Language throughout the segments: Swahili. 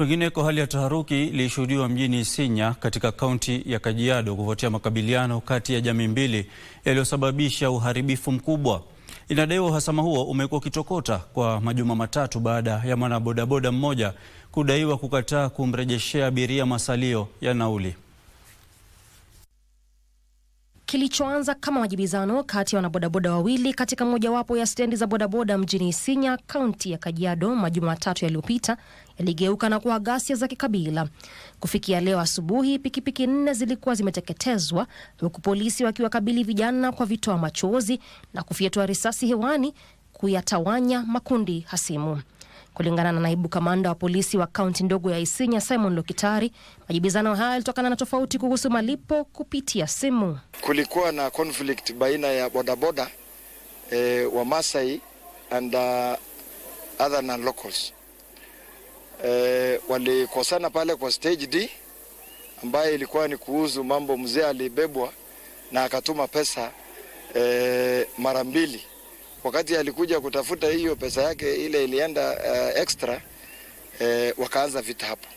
Kwingineko, hali ya taharuki ilishuhudiwa mjini Isinya katika kaunti ya Kajiado kufuatia makabiliano kati ya jamii mbili yaliyosababisha uharibifu mkubwa. Inadaiwa uhasama huo umekuwa ukitokota kwa majuma matatu baada ya mwanabodaboda mmoja kudaiwa kukataa kumrejeshea abiria masalio ya nauli kilichoanza kama majibizano kati ya wanabodaboda wawili katika mojawapo ya stendi za bodaboda mjini Isinya, kaunti ya Kajiado, majuma matatu yaliyopita yaligeuka na kuwa ghasia za kikabila. Kufikia leo asubuhi, pikipiki nne zilikuwa zimeteketezwa huku polisi wakiwakabili vijana kwa vitoa machozi na kufyatua risasi hewani kuyatawanya makundi hasimu. Kulingana na naibu kamanda wa polisi wa kaunti ndogo ya Isinya, Simon Lokitari, majibizano haya yalitokana na tofauti kuhusu malipo kupitia simu. Kulikuwa na conflict baina ya bodaboda e, wa Masai and uh, other non locals e, walikosana pale kwa stage D ambaye ilikuwa ni kuhusu mambo, mzee alibebwa na akatuma pesa e, mara mbili wakati alikuja kutafuta hiyo pesa yake ile ilienda uh, extra uh, eh, wakaanza vita hapo.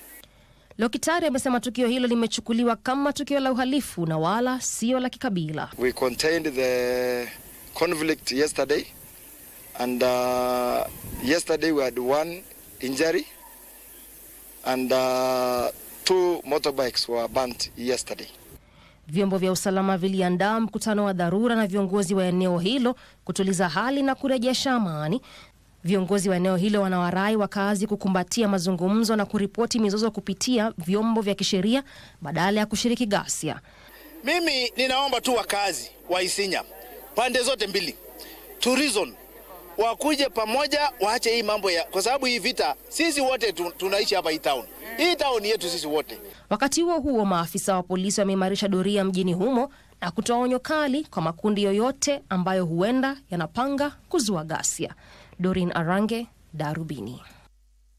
Lokitari amesema tukio hilo limechukuliwa kama tukio la uhalifu na wala sio la kikabila. We contained the conflict yesterday and uh, yesterday we had one injury and uh, two motorbikes were burnt yesterday. Vyombo vya usalama viliandaa mkutano wa dharura na viongozi wa eneo hilo kutuliza hali na kurejesha amani. Viongozi wa eneo hilo wanawarai wakazi kukumbatia mazungumzo na kuripoti mizozo kupitia vyombo vya kisheria badala ya kushiriki ghasia. Mimi ninaomba tu wakazi wa Isinya pande zote mbili to reason wakuje pamoja, waache hii mambo ya, kwa sababu hii vita, sisi wote tunaishi hapa hii town, hii town yetu sisi wote. Wakati huo huo, maafisa wa polisi wameimarisha doria mjini humo na kutoa onyo kali kwa makundi yoyote ambayo huenda yanapanga kuzua ghasia. Dorin Arange, Darubini.